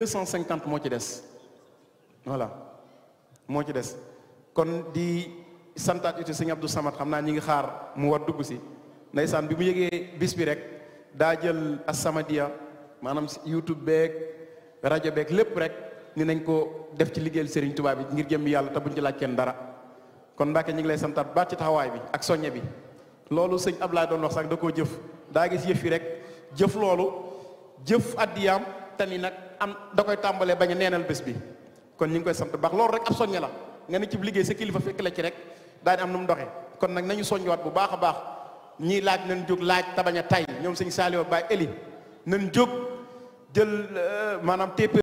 deux cent moo ci des voilà moo ci des kon di santaat uti sëñ Abdou Samad xam naa ñi ngi xaar mu war dugg si ndeysaan bi mu yëgee bis bi rek daa jël As-Samadiyya maanaam YouTube beeg rajo beeg lépp rek ni nañ ko def ci liggéey Serigne Touba bi ngir jëm yàlla te buñ ci laaj kenn dara kon Mbàkke ñi ngi lay santaat baat ci taxawaay bi ak soññe bi loolu sëñ ab Ablaye doon wax sax da koo jëf daa gis yëf yi rek jëf loolu jëf addiyaam te ni nag am da koy tàmbalee bañ a neenal bés bi kon ñu koy sant baax loolu rek ab soññe la nga ne ci liggéey sa kilifa fekk la ci rek daan am nu mu doxee kon nag nañu soññewaat bu baax a baax ñii laaj nañ jóg laaj te bañ a tay ñoom sëñ Saliou Baye Eli nañ jóg jël euh, maanaam TP